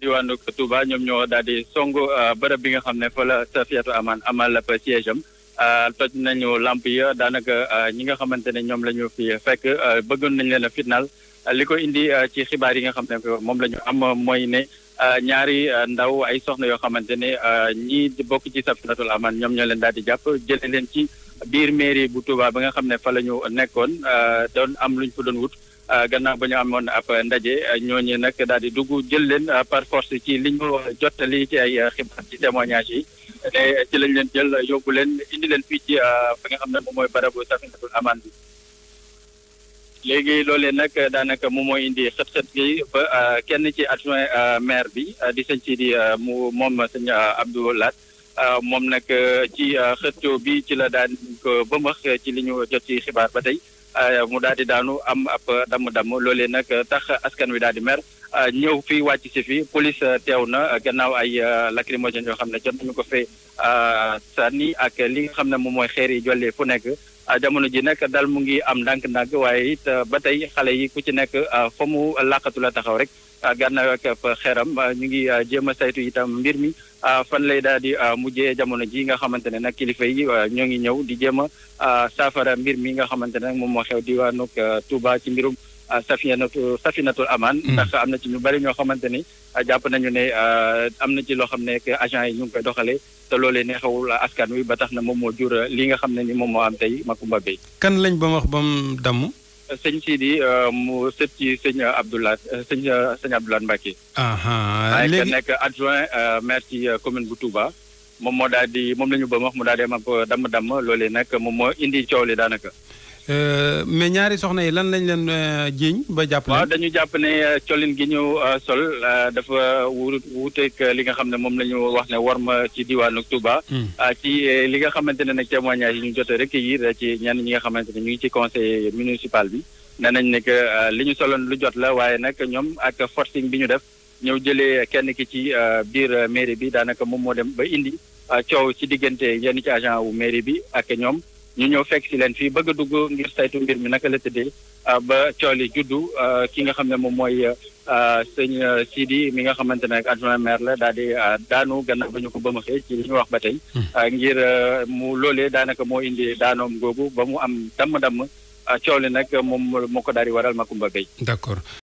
diwan nuk tuba ñom ño da di songu uh, bërepp bi nga xamne fa la sa aman amal la siège am uh, toj nañu lamp ya da uh, naka ñi nga xamantene ñom lañu fi fekk bëggun nañ leena fitnal liko indi ci xibaar yi nga xamne mom lañu am moy ne ñaari ndaw ay soxna yo xamantene ñi di bok ci sa aman ñom ñoo leen da di japp jël leen ci bir mairie bu tuba ba nga xamne fa lañu nekkon don am luñ fu don wut Euh, gannaaw ba ñu amoon ab ndaje ñooñu nag daal di dugg jël leen euh, par force ci li ñu jottali ci ay euh, xibaar ci témoignage yi ne ci lañ leen jël yóbbu leen indi leen fii ci fa nga xam ne moom mooy barabu safinatul aman bi léegi loolee nag daanaka moom mooy indi xët-xët gi ba kenn ci adjoint maire bi di sëñ si di mu moom sëñ Abdou moom nag ci xëccoo bi ci la daan ko bëmëx ci li ñu jot ci xibaar ba tey Euh, mu daal di daanu am ab dam damm loolee nag tax askan wi daal di mer. Euh, ñëw fii wàcc si fi police euh, teew na euh, gannaaw ay lacrymogènes yoo xam ne jot nañu ko fee sànni ak li nga xam ne moom mooy xeer yi jollee fu nekk jamono ji nag daal mu ngi am ndànk-ndànk waaye it ba tey xale yi ku ci nekk fa mu làqatu la taxaw rek gànnaaw ak xeeram ñu ngi jéem a saytu itam mbir mi fan lay daal di mujjee jamono ji nga xamante ne nag kilifa yi ñoo ngi ñëw di jéem a saafara mbir mi nga xamante ne nag moom moo xew diwaanu tubaa ci mbirum. safinatu safinatul aman hmm. ndax am na ci ñu bari ñoo xamante ni jàpp nañu ne am na ci loo xam ne agent yi ñu ngi koy doxalee te loolee neexawul askan wi ba tax na moom moo jur li nga xam ne ni moom moo am tey Makumba Bey kan lañ ba wax ba mu damm sëñ Sidi mu sët ci sëñ Abdoulaye sëñ sëñ Abdoulaye Mbacke léegi que nekk adjoint maire ci commune bu Touba moom moo daal di moom la ñu ba wax mu daal di am ab damm-damm loolee nag moom moo indi coow li daanaka Euh, mais ñaari soxna yi lan lañ leen euh, jiiñ ba jàpp waaw dañu jàpp ne euh, colin gi ñu sol dafa wuuteeg li nga xam ne moom la ñu wax ne war ma ci diwaanu Touba. Hmm. ci li nga xamante ne nag témoignage yi ñu jotee rek yi ci ñenn ñi nga xamante ne ñu ngi ci conseil municipal bi nee nañ ne que li ñu soloon lu jot la waaye nag ñoom ak forcing bi ñu def ñëw jëlee kenn ki ci biir mairie bi daanaka moom moo dem ba indi coow ci diggante yenn ci agent wu mairie bi ak ñoom ñu ñëw fekk si leen fii bëgg a dugg ngir saytu mbir mi naka la tëddee uh, ba cooli juddu uh, ki nga xam ne moom mooy uh, sëñ sidi mi nga xamante ne adjoint maire la daal di daanu gannaaw ba ñu ko bëmaxee ci li ñu wax ba tey hmm. ngir mu loolee daanaka moo indi daanoom googu ba mu am damm-damm coowli nag moom mo ko daal di waral Makumba Gueye. d' accord